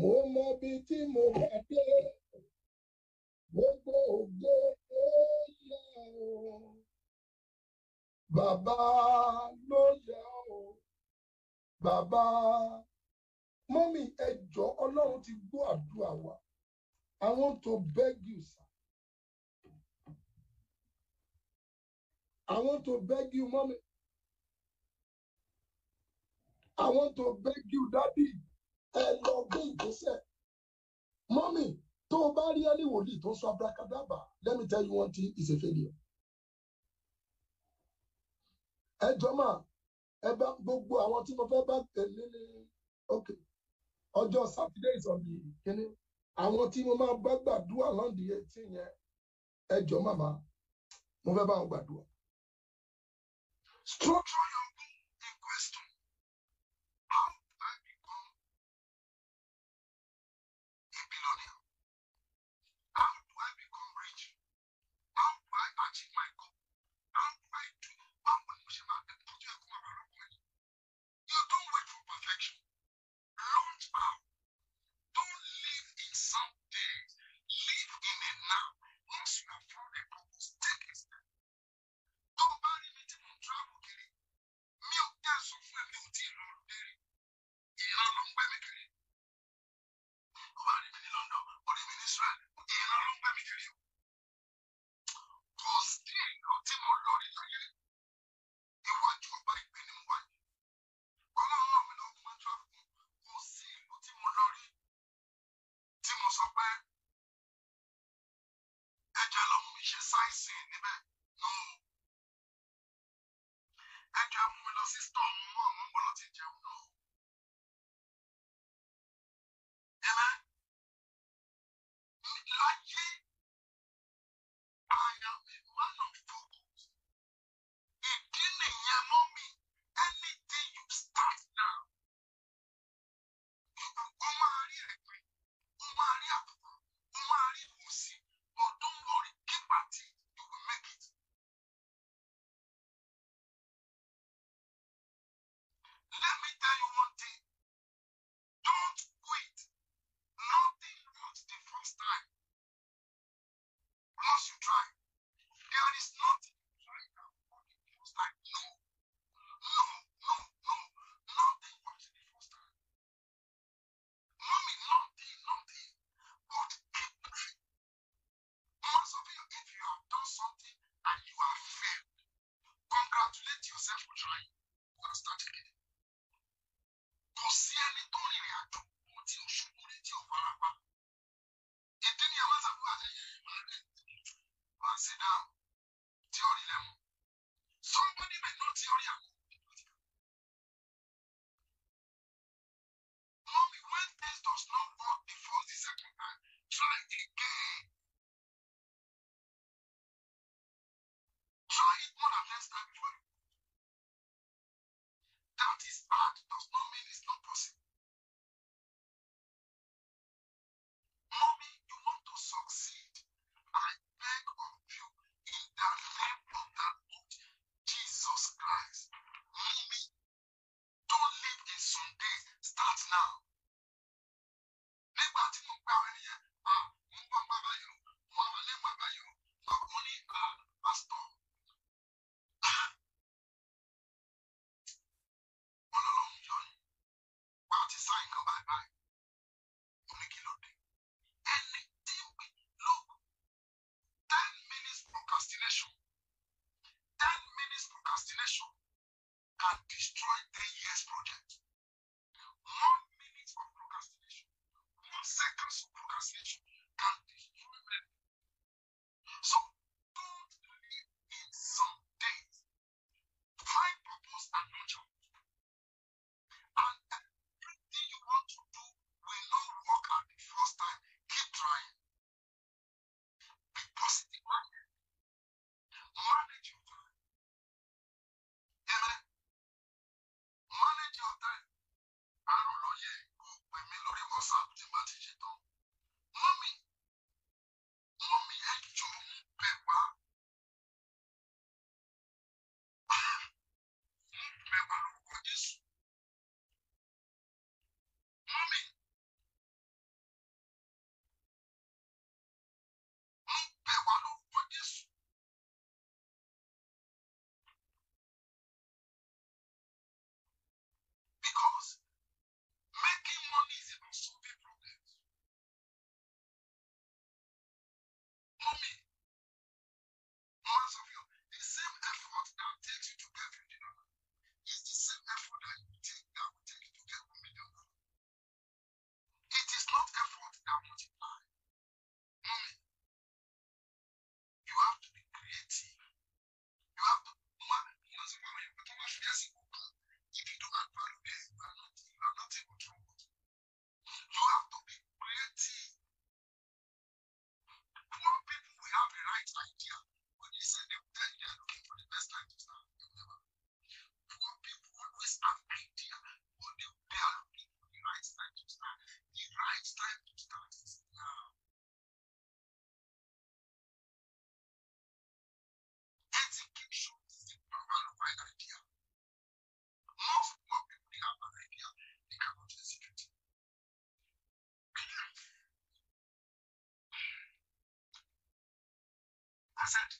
mo mọ ibi tí mo bá dé gbogbo ògo ó yà ó. Bàbá ló yẹ o. Bàbá mọ́mì ẹjọ́ ọlọ́run ti gbọ́ àdúrà wa. I want to beg you, sir. I want to beg you, mommy. I want to beg you, daddy. Ẹ lọ gbé ìgbésẹ̀. Mommy, tó o bá rí ẹni wòlíì tó ń sọ abrakadabra, let me tell you one thing, it's a failure ẹ jọ máa ẹ bá gbogbo àwọn tí mo fẹ́ bá tẹ̀lé ní ok ọjọ́ sátidé ìsọ̀bì kínní àwọn tí mo máa bá gbàdúrà lọ́ndì etí yẹn ẹ jọ màmá mo fẹ́ bá wọn gbàdúrà. structural Israel. O dinheiro nunca me feriu. What is bad does ah, not mean it's not possible. takes you to pay fifty dollars. It's the same effort that you take that will take you to get one million dollars. It is not effort that multiplies. right time to start is now. Execution is the power of an idea. Most poor people they have an idea, they cannot execute it. I said,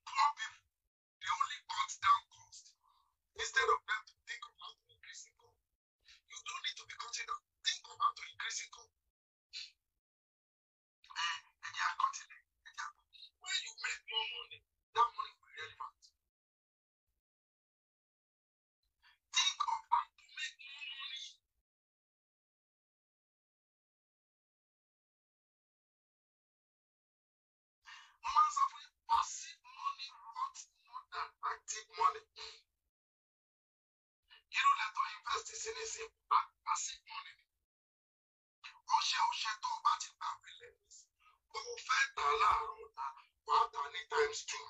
poor people, they only cut down cost. Instead of them to think of how to increase you don't need to be cutting down. quanto il crescito. Eh, and they are continuing. When you make more money, that money will be relevant. Think of how to make more money. Mama sọ fún yín, passive money rot more than active money. Irú lẹ́tọ̀ invest sí ní sí passive iṣẹ́ òṣè tó bá ti gbà wílé o fẹ́ ta láàárọ̀ ọ̀la wà á ta ní times two.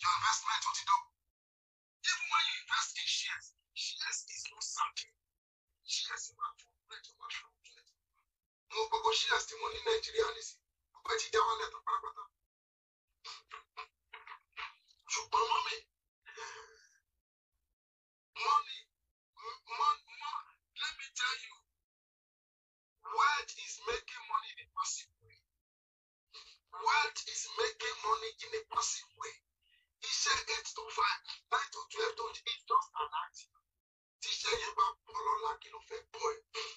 Your investment ò ti dó. Even when you invest in shares, shares is not certain. Shares máa fún rate of action rate. Mo gbogbo shares tí mo ní Nàìjíríà nísìnyí, gbogbo ẹ ti já wálẹ̀ tán pátápátá. Ṣùgbọ́n mọ́ mi, money, money, let me tell you. Wealth is making money in a passive way. Wealth is making money in a passive way. Iṣẹ́ eight to five, nine to twelve to is just an act. Tíṣẹ́ yẹn bá bọ́ lọ́la kí ló fẹ́ bọ́ ẹ̀.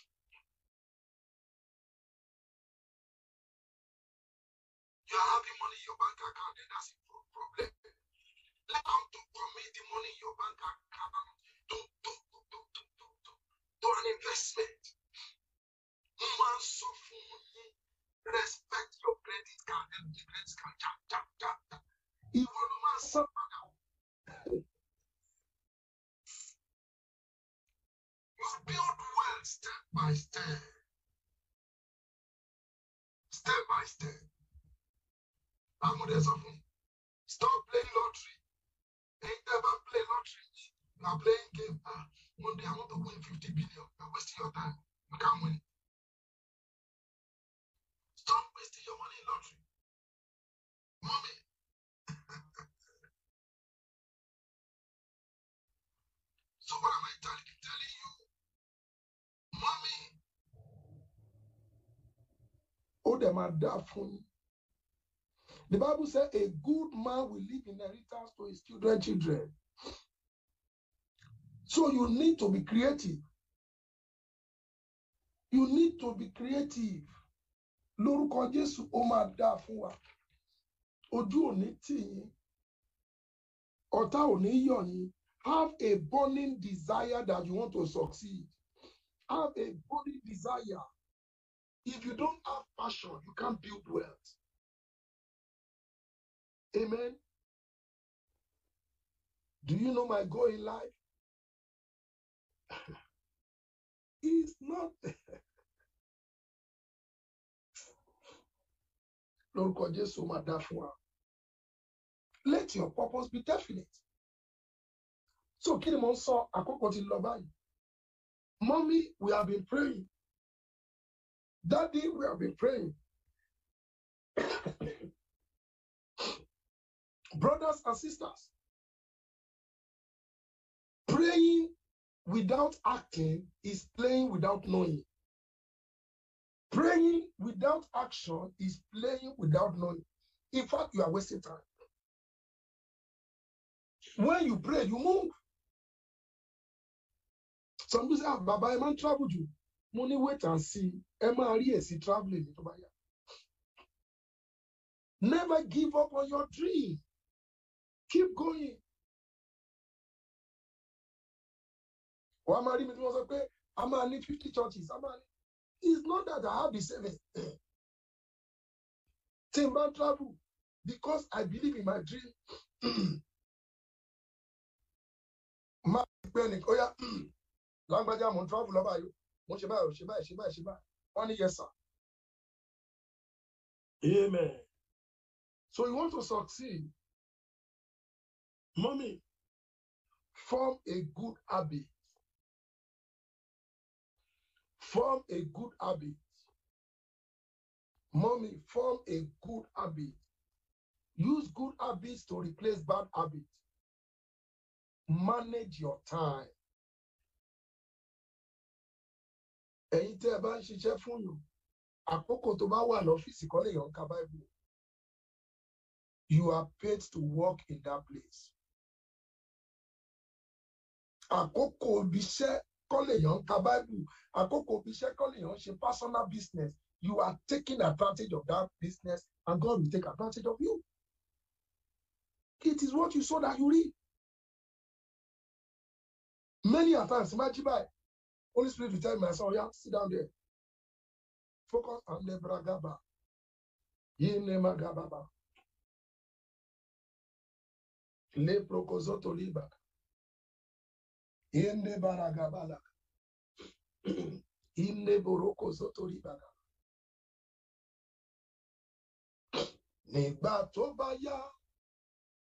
You are having money in your bank account and that's a problem. Learn how to commit the money in your bank account to, to, to, to, to, to, to, to an investment. Man suffered. Respect your credit card. and Empty credit card. Chap, chap, chap, chap. Even man suffered. You build well step by step. Step by step. I'm on the Stop playing lottery. Ain't never play lottery. You are playing game. Uh, ah, one day I want to win 50 billion. You're wasting your time. You can't win. Don't waste your money in lottery. Mommy. so what am I telling, telling you? Mommy. Oh, dẹ̀ máa dá fún yín. The Bible says a good man will leave inheritance to his children, children. So you need to be creative. You need to be creative. lórúkọ Jésù ó máa fún wa ojú ò ọ̀tá ò yọ̀ yín have a burning desire that you want to succeed have a burning desire if you don't have passion you can't build wealth amen do you know my goal in life it's not let your purpose be definite so kí ni mo ń sọ àkókò ti lọ mommy we have been praying daddy we have been praying brothers and sisters praying without acting is playing without knowing. Praying without action is playing without knowing. In fact, you are wasting time. When you pray, you move. Some people say, ah, Baba, ẹ máa ń travel jù. wait and see. Emma máa rí traveling. Never give up on your dream. Keep going. Wàá máa rí mi tí wọ́n sọ pé a máa ní fifty churches, a máa ní It's not that I have the seven. Eh, eh, tí travel because I believe in my dream. My gbé oh yeah. Language I'm on travel about you. mo ṣe báyìí ṣe báyìí ṣe báyìí ṣe báyìí wọ́n ní yes sir. Amen. So you want to succeed. mommy? Form a good habit. Form a good habit. Mommy, form a good habit. Use good habits to replace bad habits. Manage your time. Ẹ̀yin tẹ́ ẹ bá ń ṣiṣẹ́ fún yàn, àkókò tó bá wà lọ́fíìsì kọ́ lè yàn ká You are paid to work in that place. Àkókò ibi kọ́ lèèyàn ń ka bible àkókò ibi iṣẹ́ kọ́ lèèyàn ṣe personal business you are taking advantage of that business and God will take advantage of you it is what you saw that you read. many a times imagine by Holy Spirit will tell me myself oya oh, sit down there focus on nebragaba yìí ní magababa le prokozoto liba. Ende baragabala. Inde boroko zotori baga. Nígbà tó bá yá,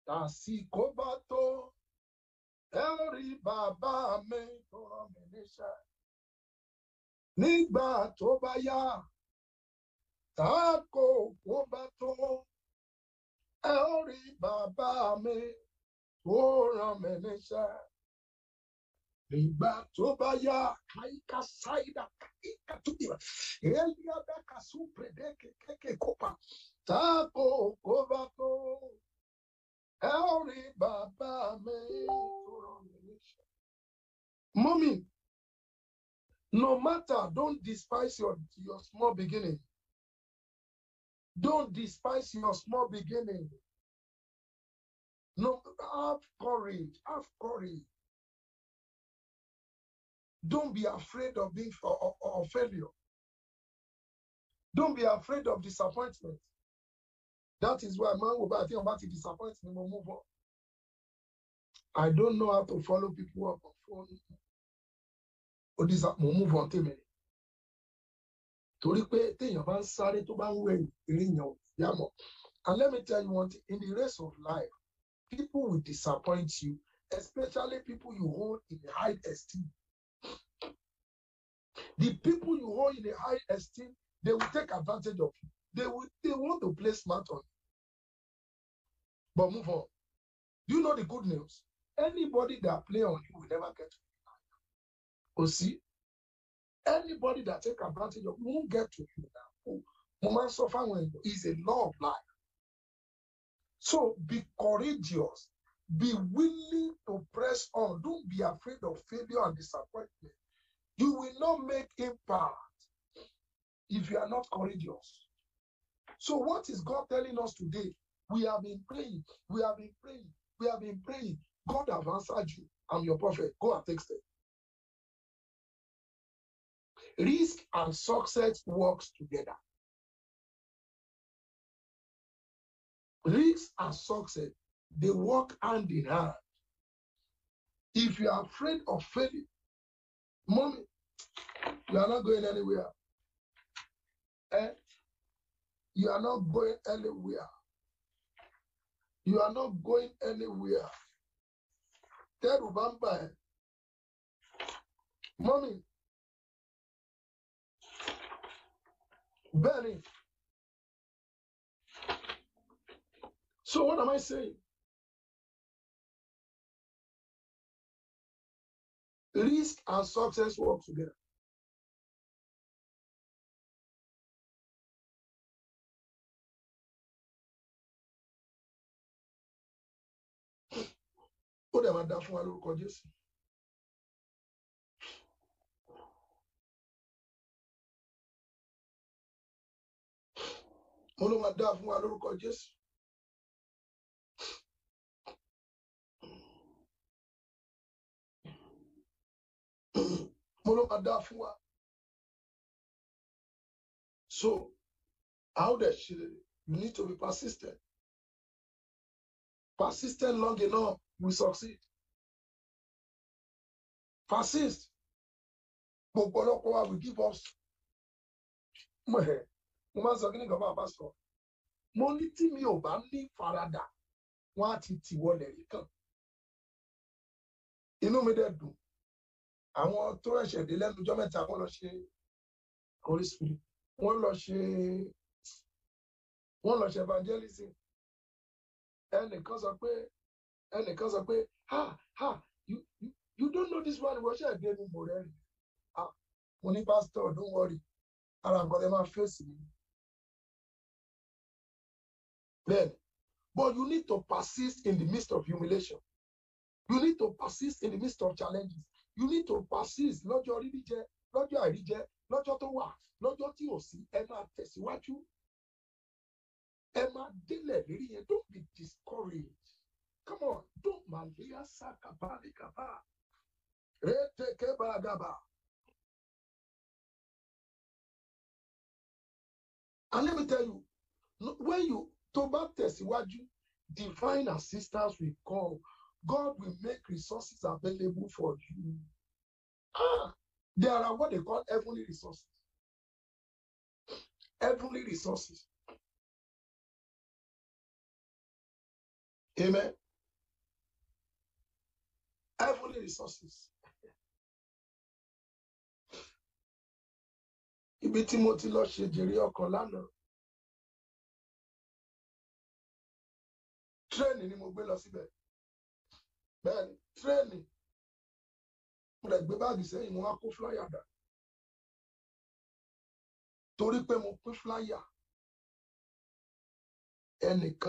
tàsíkò bá tó, ẹ rí bàbá mi tó rán mi níṣẹ́. Nígbà tó bá yá, kó bá tó, ẹ rí bàbá mi tó rán ìgbà sáìdà kópa tako no matter don't despise your, your small beginning don't despise your small beginning no have courage have courage. Don't be afraid of being or of failure. Don't be afraid of disappointment. That is why man will think about to disappoint me will move on. I don't know how to follow people up on phone. Or this mo move on tèmi. Torí pé téèyàn bá ń sáré tó bá And let me tell you one thing, in the race of life, people will disappoint you, especially people you hold in high esteem. The people you hold in a high esteem, they will take advantage of you. They will they want to play smart on you. But move on. Do you know the good news? Anybody that play on you will never get to you. Oh, see? Anybody that take advantage of you won't get to you now. Mo máa ń is a law of life. So be courageous. Be willing to press on. Don't be afraid of failure and disappointment. You will not make impact if you are not courageous. So, what is God telling us today? We have been praying, we have been praying, we have been praying. God have answered you. I'm your prophet. Go and text it. Risk and success works together. Risk and success, they work hand in hand. If you are afraid of failure. Mommy, you are not going anywhere. Eh? You are not going anywhere. You are not going anywhere. Tell bá ń eh? Benny. So what am I saying? Risk and success work together. Ó dẹ̀ máa dá fún wa lórúkọ Jésù. Mo ló máa dá fún wa lórúkọ Jésù. mo ló máa dá fún wa so how dẹ̀ ṣe you need to be persistent persistent long enough we succeed persist gbogbo ọlọ́pàá wa we give up mo ẹ̀ mo máa ń sọ kí ni gàmá àbá sọ mo ní tí mi ò bá ní faradà wọn á ti tìwọlẹ̀ rí kàn inú mi dẹ̀ dùn àwọn tó ẹ̀ṣẹ̀ dé lẹ́nu ọjọ́ mẹ́ta wọ́n lọ ṣe holy spirit wọ́n lọ ṣe wọ́n lọ ṣe evangelism ẹnìkan sọ pé ẹnìkan sọ pé ha ha you you you don't know this one wọ́n ṣe ẹ̀gbẹ́ mi mò rẹ́ ah mo ní pastor don't worry ara nǹkan lè máa fèsì mi Then, but you need to persist in the midst of humiliation you need to persist in the midst of challenges you need to persist lọ́jọ́ rírí jẹ lọ́jọ́ àìrí jẹ lọ́jọ́ tó wà lọ́jọ́ tí ò sí ẹ máa tẹ̀síwájú ẹ máa délẹ̀ lérí yẹn don't be discouraged come on don't malaria sa kaba ní kaba rete keba gaba. and let me tell you when you tó bá tẹ̀síwájú divine assistance will come God will make resources available for you. Ah, there are what they call heavenly resources. Heavenly resources. Amen. Heavenly resources. Ibi tí mo ti lọ ṣe jèrè ọkọ̀ lánàá. Tírẹ́ẹ̀nì ni mo gbé lọ síbẹ̀ bẹ́ẹ̀ ni tírẹ́ẹ̀nì mo rẹ̀ gbé báàgì sẹ́yìn mo wá kó fúláyà dà torí pé mo pín fúláyà ẹnìkan.